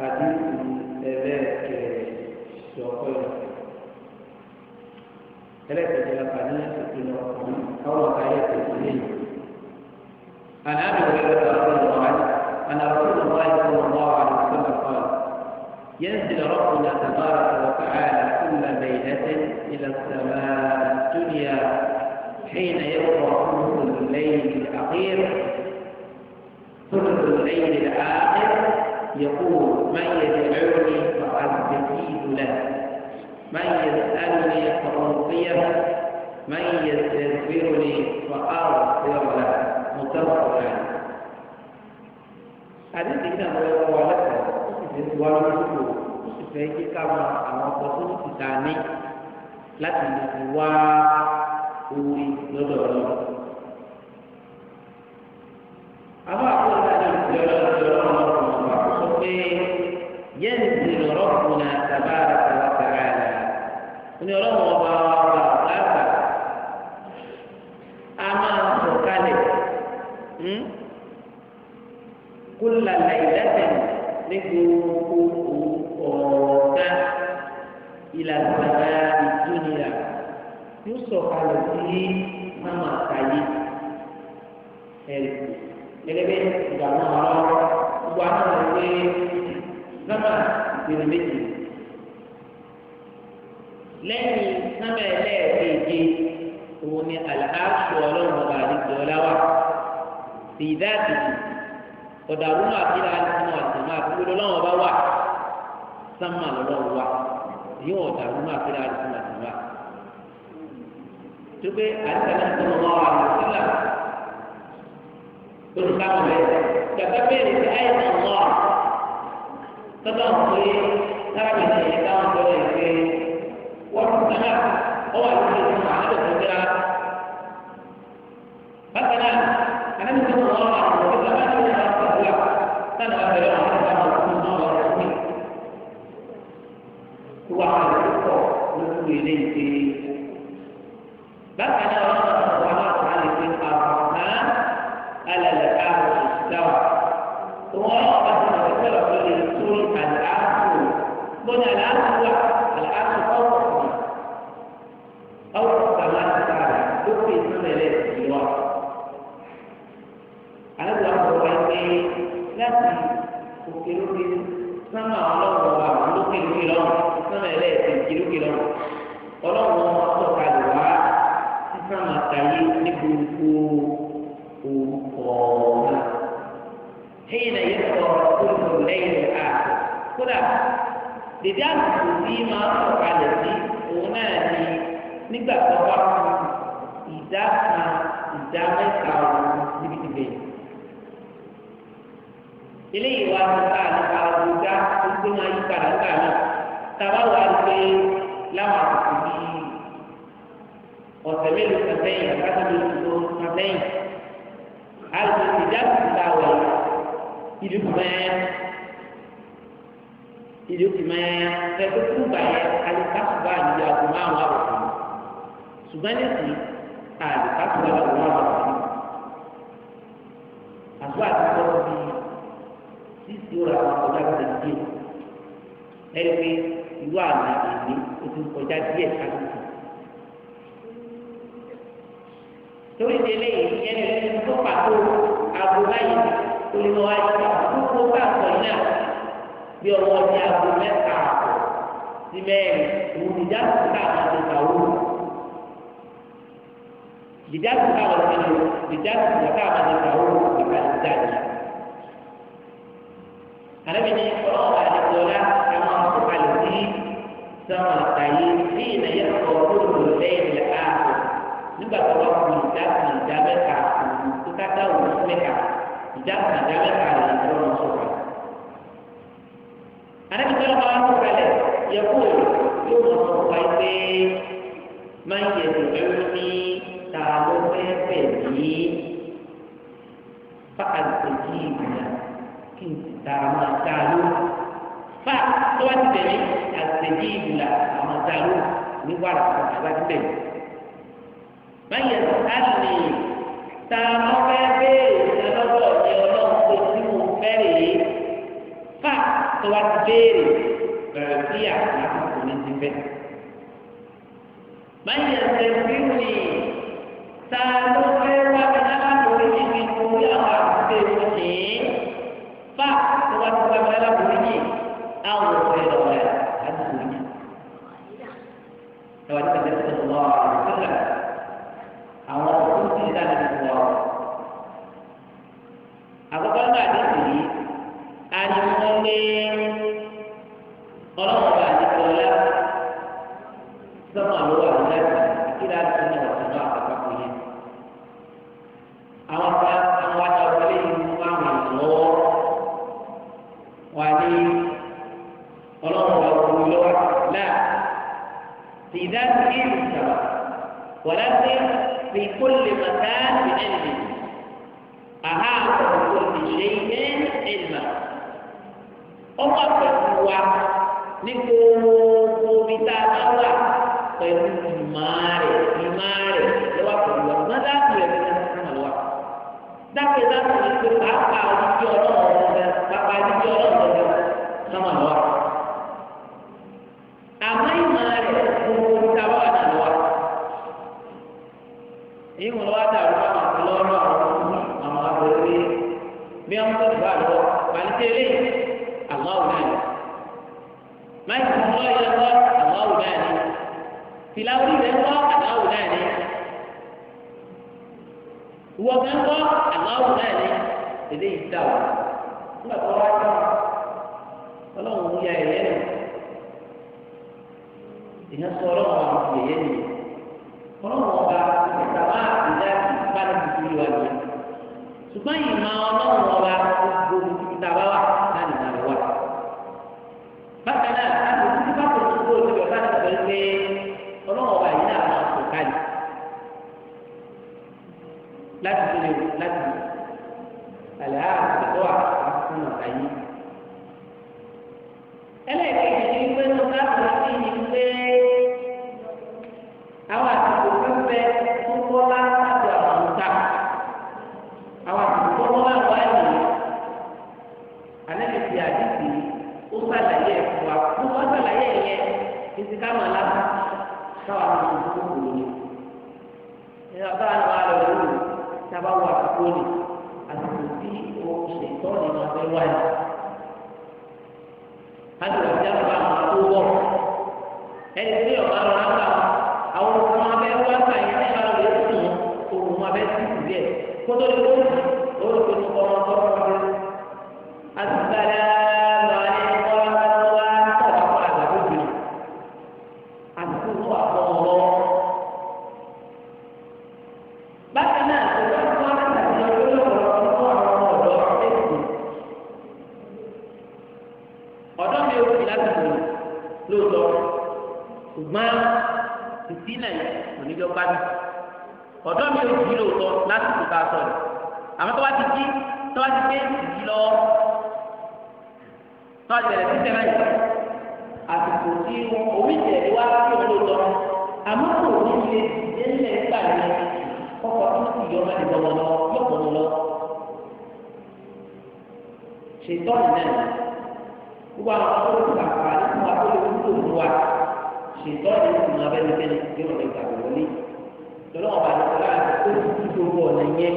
حديث ذاك سوقي ثلاثة جلقانية ستين رقم أو آيات الدين عن أبي هريرة رضي الله عنه أن رسول الله صلى الله عليه وسلم قال ينزل ربنا تبارك وتعالى كل ليلة إلى السماء الدنيا حين يقرأ ثلث الليل الأخير ثلث الليل الآخر يقول من يدعوني فأستجيب له من يسألني فأعطيه من يستغفرني فأغفر له متفق عليه حديث كان هو لك وأنا أقول كما أنا أقول لك لكن هو هو السماء الدنيا يوسف على الدين مما تعيي gẹ́gẹ́ ìgbà wọn ọ̀rọ̀ gbogbo àwọn ọ̀rọ̀ pé sábà ìpèrè méjì lẹ́yìn sábà ẹlẹ́ẹ̀kejì òun ni àlàáṣọ ọlọ́run ọba àdìgbò ọláwà fìdá àdìgbò ọ̀dàrúnú àbílà àdìgbò àtìmọ́ àdìgbò ọlọ́run ọba wà sábà lọ́lọ́run wà yìí wọn dàrú máa fi láti fún àdúrà tó pé àtàlà ìtọ́nà wọn wà ní sílà lórí káwọn bẹ́ẹ̀ gàgà bẹ́ẹ̀ ní ayé náà wọ́n tọ́ba ń pè é sábà ní ẹ̀yẹ táwọn tọ́lẹ̀ ń pè é wọ́n tún náà wọ́n wà lórí ìlú àwọn àdókò gbéra bákan náà àdókò wọn wà lórí ìlú àwọn àdókò gbéra sábà ń pè é wọn. tó wà wà lórí pọ̀ lójú ilé ìgbé. Bákan náà wọ́n máa ń wọ́n máa ń lè fi àwọn náà alẹ́lẹ̀ àwọn ìdáwà. Wọ́n bá ti mọ̀ pé ọ̀dọ́ lè sórí àlàáfù. Bọ́lá àlàáfù wà ọ̀pọ̀ Ọ̀pọ̀ kan láti rẹ̀ ló pè ní mẹ́lẹ̀ ìlú. Àlọ́ àwọn ọ̀pọ̀ ẹgbẹ́ láti òkè lókè sọ́nà ọlọ́run ọba àwọn lókè lókè lọ́wọ́ sọ́nà ẹlẹ́ẹ̀sìn kì lókè lọ́wọ́ ọlọ́run ọmọ sọ̀kalẹ̀ wá sísan àtàyé ní gbogbo òkòọ̀nà. ẹ̀yìn náà yẹ sọ olùkọ́ lẹ́yìn rẹ̀ á kódà dèdè àsìkò tí máa sọ̀kalẹ̀ sí òun náà ni nígbà tó bá fún ìdá kan ìdá mẹ́ta ọ̀hún níbi tìbẹ̀yìn eléyìí wà nípa nípa àwùjá tó máa yí padà nípa náà tàbá wà pé láwọn àkókò bíi ọ̀sẹ̀ mélòó kan sẹ́yìn àbájá mélòó kan sẹ́yìn àlùkò ìjáde ti ta wẹ̀ ìdúkù mẹ́ẹ́ ìdókè mẹ́ẹ́ ẹgbẹ́ tó bá yẹ alikásùbá àdìyẹ àgọ́ márùn-ún àbọ̀tán ṣùgbọ́n nísìnyí alikásùbá àgọ́ márùn-ún àbọ̀tán àgọ́ àti sọ́ọ́ bíi tí yóò ra àwọn ọjà tó ti dé ẹni pé ìlú àná èmi o ti kọjá díẹ̀ káàkiri. torí délé yìí ẹni tó tó pàtó aago báyìí olùmọ̀ wa yìí gbogbo bá sọ yìí náà bí ọwọ́ ní aago mẹ́ta àbọ̀ mẹ́rin òun ìjà tó ká àwọn àgbẹ̀ta wò ìjà tó ká àwọn àgbẹ̀ta wò tó ká àwọn àgbẹ̀ta wò ìjà ká àwọn àgbẹ̀ta wò. àlẹ́bí ni ọlọ́ọ̀bà àdìgbòlá àwọn àkókalẹ̀ sí sọ́mà àtàyè sí ìnáyẹ ọkọ̀ olùkọ́ lẹ́yìn ilẹ̀ ààbò nígbà tó bá kú ìdá kan ìdá mẹ́ta tó káká òun sí mẹ́ta ìdá kan ìdá mẹ́ta rẹ̀ ló ń sọ̀rọ̀. àlẹ́bí tó lọ́wọ́ àkókalẹ̀ yẹ kó yóò mọ̀ sọ̀rọ̀ wáyé pé máa ń yẹ ìdòwú ní ta ló fẹ́ bẹ̀ mí fákàtúntì ìgbìyànjú. kí n sì tara máa ló fa tó bá ti tẹ̀lé àtẹ̀jẹ́ ìdùlà àmọ́ dá a ló ní wàrà fún àbá ti tẹ̀lé. báyìí ẹ̀sìn á lè ta ọmọ fẹ́ béèrè lọ́wọ́ ọ̀dẹ ọlọ́run pé tí mo fẹ́ rè fa tó bá ti béèrè bẹ̀rẹ̀ sí àwọn àkókò ní ti fẹ́. báyìí ẹ̀sìn fi ń rìn ta ló fẹ́ wá mi lábàbọ̀ orí mi kò rí àwọn àkókò èèyàn nìyí fa tó bá ti gbàgbọ́ alákùnrin yìí àwọn òfin lọ́wọ́ rẹ̀ láti wò ní. ẹwà tí a ti sọ̀rọ̀ lọ́wọ́ àwọn òfin sílẹ̀ àwọn òfin sílẹ̀ láti wò ọ́. كل مكان بعلمه أحاط بكل شيء علما ọkọ pẹ̀lú wa ní gbogbo bí tá a bá wà pẹ̀lú ìmáàrẹ ìmáàrẹ lọ́wọ́ pẹ̀lú wa ṣùgbọ́n dáàbò rẹ ló ń fún wa dáàbò dáàbò rẹ pé pàápàá onídìí ọlọ́run ọ̀rẹ́ pàápàá onídìí ọlọ́run ọ̀rẹ́ sọmọ lọ́wọ́ àmọ́ ìmáàrẹ gbogbo bí tá a bá wà irun lọ́wọ́ dàrú àwọn àtọlọ́rọ́ àwọn ọmọ àwọn abẹ́rẹ́ bí wọ́n tó gbà lọ pàǹtẹ́lẹ́ àwọn àwòrán máa ti mọ ilé lọ àwọn àwòrán tìláwórí rẹ̀ lọ àwọn àwòrán ìwọ gan lọ àwọn àwòrán èdè ìdá o nígbà tó wá dá ọlọ́run ń ya ẹ̀yẹ́ nù ìyẹn sọ ọlọ́run àwọn ìyẹ̀yẹ́ nù ọlọ́run ọba àbújá bára tuntun yìí wá ní ẹ ṣùgbọ́n yìí máa ọlọ́run ọba gbogbo títà bá wà láti nà lọ́wọ́ bákan náà láti títí bá tó tó tó tó láti sọ pé ọlọ́run ọba yìí náà máa sọ káàdì láti tó lè láti àlẹ́ àtúntò àkókò náà yìí ẹlẹ́ẹ̀kejì ni pé tó bá tó ní pé. wáyé láti wà sí àgbà tó wọ̀ ẹni tí ọba lọ lágbà àwọn ọmọ abẹ wá gbà yẹn ní ìbára rẹ tó mú òun ọmọ abẹ sí ìdílé kótó ní kóòtù ó lè pinnu ọmọ tó kọ́ ọdún àti gbàdá. tó bá mi ò jí lóòótọ́ láti tó bá a sọ̀rọ̀ àmọ́ tó bá ti jí tó bá ti gbé ìjì lọ tó a jẹ̀rẹ̀ títẹ̀ náà yìí àsìkò tí orí ìjẹ̀rẹ̀ wá sí kò ní ilé ìdílé nígbà yẹn ṣètò ọ̀rọ̀ ìsìn abẹ́nikẹ́ni tí wọ́n fi gbàgbé wọlé lọ́wọ́ àdúrà tó ti gbogbo ọ̀nà yẹn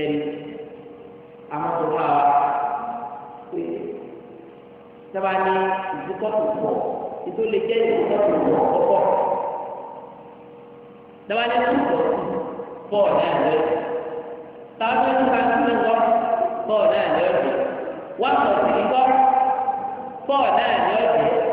ẹ̀rí amọ̀tòkọ́ àwa pé sábà ní ìdíkọ́tò pọ̀ ètò lè jẹ́ ìdíkọ́tò pọ̀ ọ̀pọ̀ sábà ní ìdíkọ́tò pọ̀ náà lọ́wọ́ sábà ní ìdíkọ́tò pọ̀ pọ̀ náà lọ́wọ́ wọ́n sọ̀rọ̀ ìdíkọ́ pọ̀ náà lọ́wọ́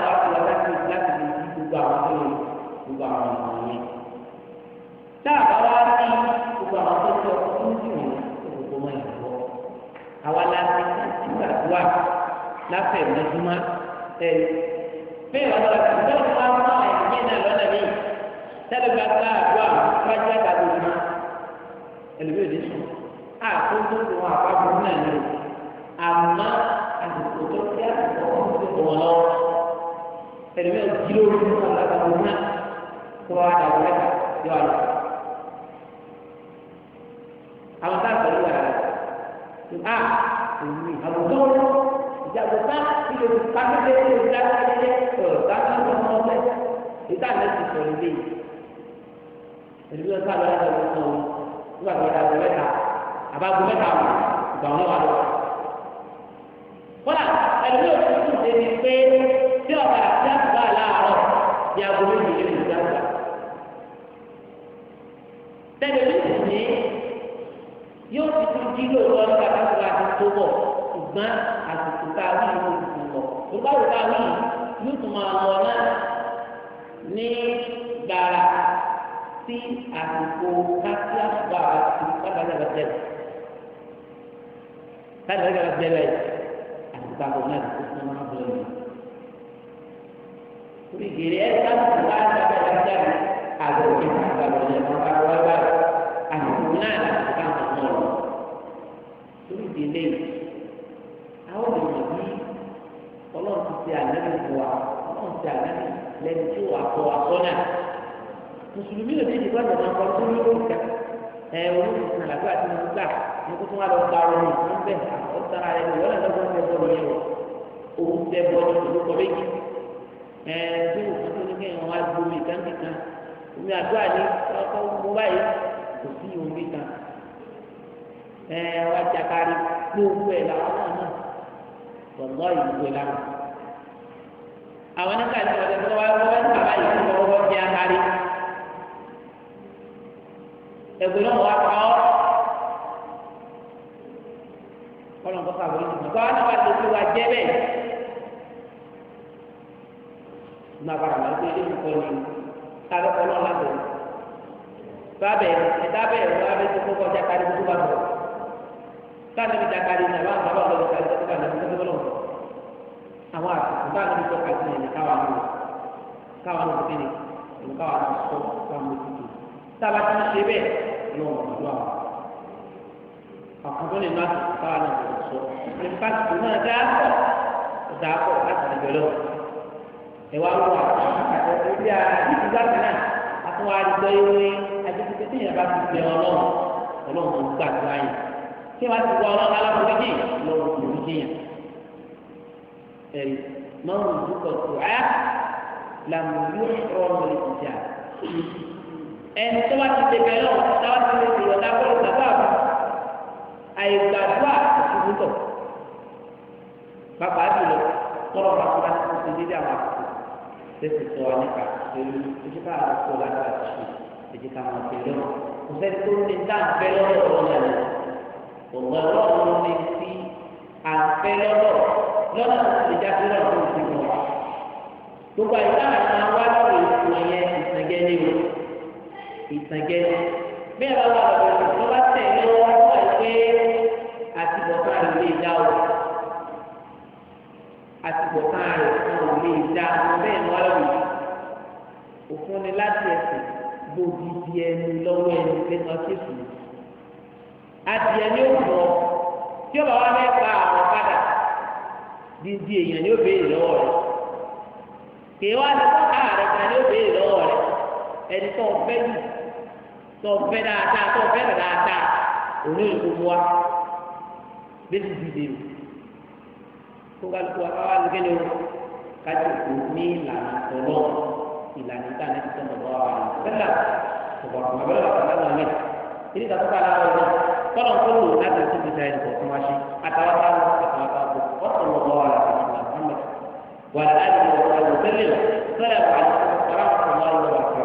láfẹ̀ lójúmọ́ ẹ̀rí. bẹ́ẹ̀ ọ̀dọ̀ ìjọba wa mọ ẹ̀yìn náà lọ́nà mi tẹ́lẹ̀ bá ká àdúrà wájú àgbàdo mọ́ ẹlòmíì òde sùn àkókò tó wọn àpapọ̀ náà lò àmọ́ àsìkò tó kí àsìkò tó ti tó wọn lọ́wọ́ ẹlòmíì òjì lórí fún àgbàdo náà tó wà dàgbà mẹ́ta yọ àlọ́. àwọn táà sọ̀rọ̀ wà á àwùjọ jàdùká ilé kákété ilé kákété ọ̀ kákété ọmọ ọbẹ̀ ìta lẹ́sìn sọ̀rọ̀ ilé yìí ẹ̀dùnú ẹ̀ka lọ́wọ́ ẹ̀ka lọ́wọ́ náà nígbà tó ẹ̀ka gbọ́mẹ́ta àbágbó mẹ́ta wò ìgbà wọn wà lọ. kọ́lá ẹ̀dùnú òtútù ṣe ni pé tí ọ̀gá àti àtúbà láàárọ̀ di aago méjì lè lù dáadáa. tẹ̀lé ní yóò ti tún jí lóòótọ́ nígbà ṣùgbọ́n àsìkò tá a wí yóò tún lọ nígbà wo tá a wí yóò tún máa lọ náà ní gbàrà sí àsìkò káfí àsìkò àti kábàlẹ̀ bàtẹ́ kábàlẹ̀ bàtẹ́ bẹ́ẹ̀ àsìkò àbọ̀ náà tó tún máa bọ̀ lọ. Orí ìdèrè ẹ̀ sábà bá a sábà bá a jáde àgbẹ̀ òkè àgbà lọ́lẹ̀ wọn bá wọ́n bá àsìkò náà àti káfí àbọ̀ náà. ti ànábì fún wa ọlọ́run ti ànábì lẹ́nu tí wàá kọ́ wa sọ́nà mùsùlùmí ò ní ìdìbò àti ọ̀nà kan tó lóró ìta ẹ olóòtú sàn àgbà àti wọn gbà ní kó tó wà lọ gba ọrùn ìfún bẹ ó sara rẹ ní ìwọlẹ̀ lọ́gbọ́n tẹ bọ́ọ̀lù yẹn o òun tẹ bọ́ọ̀lù olùkọ́ méjì ẹ tí wọn kàn tó ní kẹ́hìn wọn gbomi kàǹkì kan omi àdúrà ní ọkọ mo báyìí kò sí omi kan ẹ wá jàkárí gbogbo ẹ̀ làwọn náà náà tọ̀gbọ́ ìgbò làwọn àwọn náà kàdé wọlé tó wá wọ́n bá bá yìí tó wọ́n wọ́n bí ahari ẹ̀gbọ́n náà wà pa ọ́ kọ́nà kọ́ ká wọlé tó wọ́n náà wà lè fi wá jẹ́ bẹ́ẹ̀ má bàrà má gbé ẹ̀kọ́ kọ́ ni káàdé kọ́ náà lábẹ́ bábẹ́ ẹ̀dá bẹ́ẹ̀ wọ́n á bẹ́ tó kọ́ kọjá kárí tó bá bọ̀ káàdé mi dá ní àwọn àbábọ̀ bá lọ́dọ̀ tó bá àwọn àtìkù bá ti sọ kàtí ẹ̀yìn káwa náà káwa náà ti ní ẹ̀yìn káwa náà sọ káwa náà ti tù tába ti ń ṣe bẹ́ẹ̀ lọ́wọ́ ọ̀dọ́ àwọn àkùnfún nínú àtìkù káwa náà ti sọ ìfásitì náà dá pọ̀ dá pọ̀ láti dìbẹ̀ lọ ẹ̀wà wọ̀ àti ibi àdìsí láti náà àtúwọ̀ àdìgbọ́ ewé àdìsí tí yẹn bá ti bẹ ọlọ́run ọlọ́run gbàdúrà yẹn tí wọ́n ti wọ ọlọ́run alábòójì lọ́wọ́ ẹ̀rí mọ́rùn dúkọ̀ tó á làmú yóò rọ ọmọ ìjà ẹni tó bá ti tẹ̀lé lọ́wọ́ táwa ti lè tẹ̀lé ọ̀dà bọ́ọ̀lù bàbá àbá àìgbàdúrà ìṣubútọ̀ bàbá àdúrà tọ́lọ̀ bá tó bá ti tẹ̀lé àwọn àkókò tẹ̀sí tọ́ ọ nípa pẹ̀lú ìjọba àkókò lágbà ṣe ìjọba àwọn tẹ̀lé wọn kò sẹ́ni tó ní dáńfẹ́ lọ́wọ́ ọ̀rọ̀ yẹn ọ̀gbọ̀n lọ́wọ́ ní ti àfẹ́ lọ́wọ́ lọ́nà láti já sí lọ́nà tó ti wọ̀. Gbogbo àyíká àti àwọn aláwọ̀ ìsìn yẹn ìsìnkẹ́ ní o. Ìsìnkẹ́ ní. Bí ẹ bá wà lọ́dọ̀ tó bá tẹ̀ ní wọ́n wá pé àtibọ̀tán rẹ̀ lè dá o. Àtibọ̀tán rẹ̀ kò lè dá bẹ́ẹ̀ ni wọ́n lọ́wọ́ òfin ni láti ẹsẹ̀ gbòógì di ẹni lọ́wọ́ ẹni pé wọ́n ti sùn. Adìẹ ni ó wọ̀ tí ó bá wà lẹ́ẹ̀ka àwọn padà. Di èèyàn ni ó béèrè lọ́wọ́ rẹ̀ kèé wá ní sọ́kà rẹ̀ kan ni ó béèrè lọ́wọ́ rẹ̀ ẹni tó ń fẹ́ jù tó ń fẹ́ dáadáa tó ń fẹ́ dáadáa òun yóò gbogbo wa bẹ́ẹ̀ ti dìde o kó kálukú akáwá ló kéde o kájú kò ní ìlànà tọ̀lọ́ ìlànà ìta ní ti sọ̀rọ̀ lọ́wọ́ rẹ̀ sẹ́lá ọ̀gbọ̀n àbẹ́rẹ́ ọ̀gbọ̀n àbẹ́rẹ́ ọ̀gbọ̀n ìdí ìtàkùn kọ́ ara rẹ̀ tọ́lọ̀ kó lò láti ẹ̀sìn ìgbésẹ̀ ẹ̀dùn kọ̀ọ̀kan wá àtàwọn táwọn àtàwọn táwọn صلى الله على سيدنا محمد وعلى آله وصحبه وسلم السلام عليكم ورحمة الله وبركاته